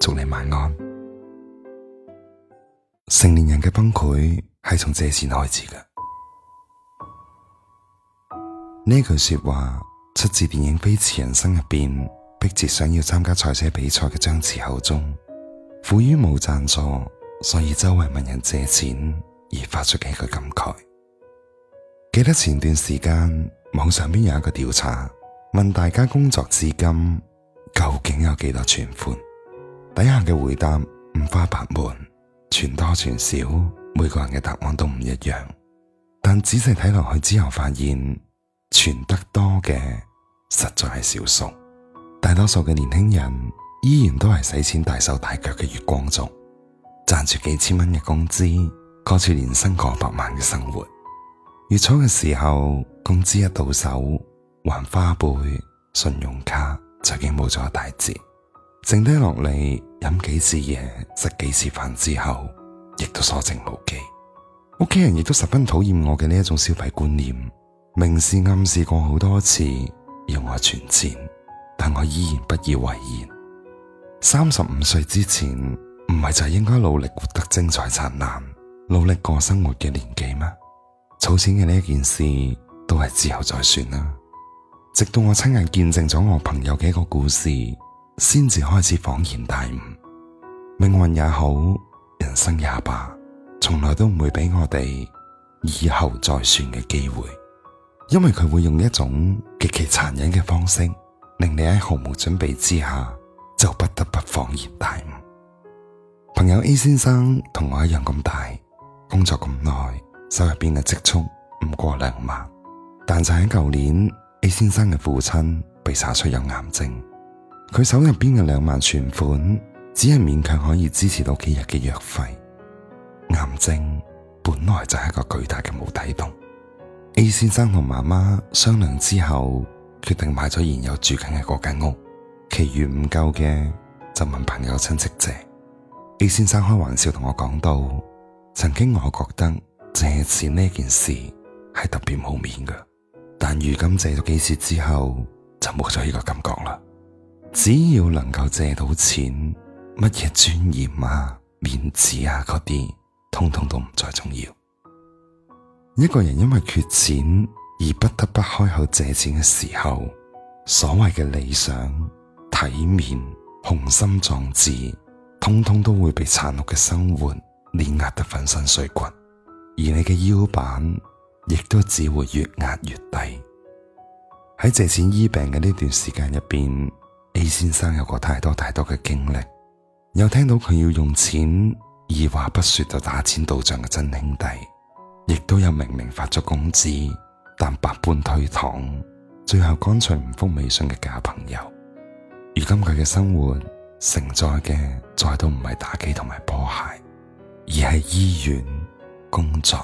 祝你晚安。成年人嘅崩潰係從借錢開始嘅。呢句說話出自電影《飛馳人生》入邊，迫切想要參加賽車比賽嘅張弛口中。苦於冇贊助，所以周圍問人借錢而發出幾句感慨。記得前段時間網上邊有一個調查，問大家工作至今究竟有幾多存款？底下嘅回答五花八門，存多存少，每個人嘅答案都唔一樣。但仔細睇落去之後，發現存得多嘅實在係少數，大多數嘅年輕人依然都係使錢大手大腳嘅月光族，賺住幾千蚊嘅工資，過住年薪過百萬嘅生活。月初嘅時候，工資一到手，還花唄、信用卡就已經冇咗一大截。剩低落嚟，飲幾次嘢，食幾次飯之後，亦都所剩無幾。屋企人亦都十分討厭我嘅呢一種消費觀念，明示暗示過好多次要我存錢，但我依然不以為然。三十五歲之前，唔係就係應該努力活得精彩燦爛、努力過生活嘅年紀咩？儲錢嘅呢一件事，都係之後再算啦。直到我親眼見證咗我朋友嘅一個故事。先至開始恍然大悟，命運也好，人生也罷，從來都唔會俾我哋以後再算嘅機會，因為佢會用一種極其殘忍嘅方式，令你喺毫無準備之下就不得不恍然大悟。朋友 A 先生同我一樣咁大，工作咁耐，手入邊嘅積蓄唔過兩萬，但就喺舊年 A 先生嘅父親被查出有癌症。佢手入邊嘅兩萬存款，只係勉強可以支持到幾日嘅藥費。癌症本來就係一個巨大嘅無底洞。A 先生同媽媽商量之後，決定買咗現有住緊嘅嗰間屋，其餘唔夠嘅就問朋友親戚借。A 先生開玩笑同我講到：曾經我覺得借錢呢件事係特別冇面噶，但如今借咗幾次之後，就冇咗呢個感覺啦。.只要能夠借到錢，乜嘢尊嚴啊、面子啊嗰啲，通通都唔再重要。一個人因為缺錢而不得不開口借錢嘅時候，所謂嘅理想、體面、雄心壯志，通通都會被殘酷嘅生活碾壓得粉身碎骨，而你嘅腰板亦都只會越壓越低。喺借錢醫病嘅呢段時間入邊。A 先生有過太多太多嘅經歷，有聽到佢要用錢，二話不說就打錢到賬嘅真兄弟，亦都有明明發咗工資，但百般推搪，最後乾脆唔覆微信嘅假朋友。如今佢嘅生活承載嘅，再都唔係打機同埋波鞋，而係醫院、工作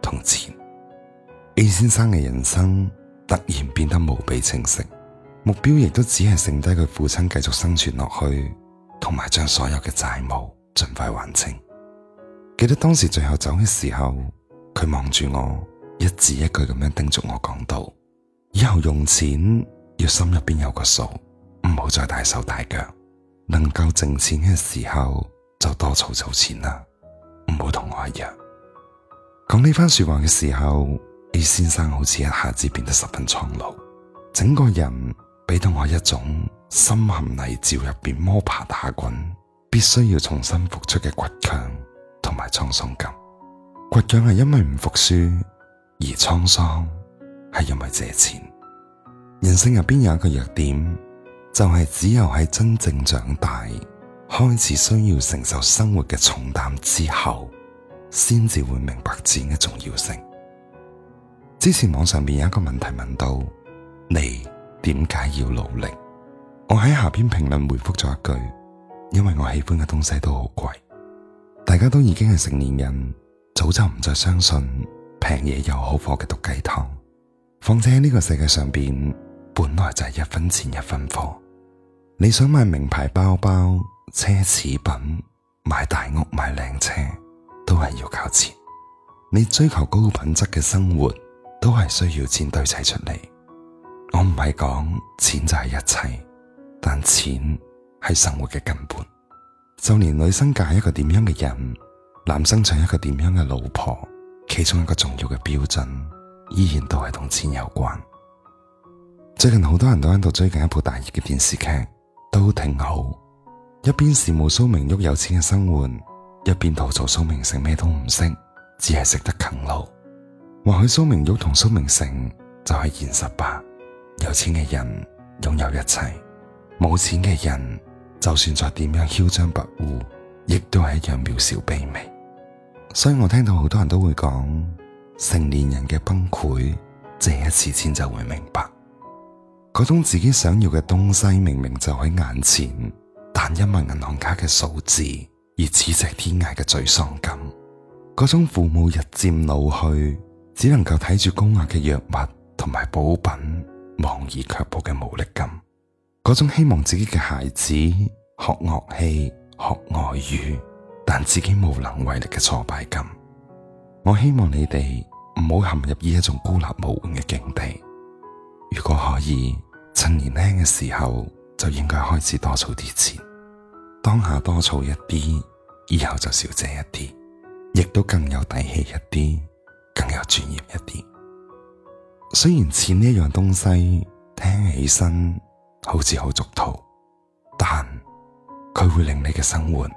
同錢。A 先生嘅人生突然變得無比清晰。目標亦都只係剩低佢父親繼續生存落去，同埋將所有嘅債務盡快還清。記得當時最後走嘅時候，佢望住我，一字一句咁樣叮囑我講到：以後用錢要心入邊有個數，唔好再大手大腳。能夠剩錢嘅時候就多儲儲錢啦，唔好同我一樣。講呢番說話嘅時候，A 先生好似一下子變得十分蒼老，整個人。俾到我一種深陷泥沼入邊摸爬打滾，必須要重新復出嘅倔強同埋滄桑感。倔強係因為唔服輸，而滄桑係因為借錢。人性入邊有一個弱點，就係、是、只有喺真正長大，開始需要承受生活嘅重擔之後，先至會明白錢嘅重要性。之前網上面有一個問題問到你。點解要努力？我喺下邊評論回覆咗一句：因為我喜歡嘅東西都好貴。大家都已經係成年人，早就唔再相信平嘢又好貨嘅毒雞湯。況且喺呢個世界上邊，本來就係一分錢一分貨。你想買名牌包包、奢侈品，買大屋、買靚車，都係要靠錢。你追求高品質嘅生活，都係需要錢堆砌出嚟。我唔係講錢就係一切，但錢係生活嘅根本。就連女生嫁一個點樣嘅人，男生娶一個點樣嘅老婆，其中一個重要嘅標準，依然都係同錢有關。最近好多人都喺度追緊一部大熱嘅電視劇，都挺好。一邊羨慕蘇明玉有錢嘅生活，一邊吐槽蘇明成咩都唔識，只係食得啃老。或許蘇明玉同蘇明成就係現實吧。有錢嘅人擁有一切，冇錢嘅人就算再點樣囂張跋扈，亦都係一樣渺小卑微。所以我聽到好多人都會講，成年人嘅崩潰，借一次錢就會明白。嗰種自己想要嘅東西明明就喺眼前，但因為銀行卡嘅數字而咫尺天涯嘅沮喪感，嗰種父母日漸老去，只能夠睇住高額嘅藥物同埋補品。望而卻步嘅無力感，嗰種希望自己嘅孩子學樂器、學外語，但自己無能為力嘅挫敗感。我希望你哋唔好陷入呢一種孤立無援嘅境地。如果可以，趁年輕嘅時候就應該開始多儲啲錢。當下多儲一啲，以後就少借一啲，亦都更有底氣一啲，更有專業一啲。雖然錢呢樣東西聽起身好似好俗套，但佢會令你嘅生活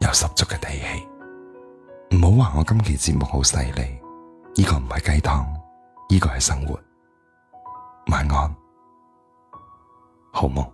有十足嘅底氣。唔好話我今期節目好犀利，呢個唔係雞湯，呢個係生活。晚安，好夢。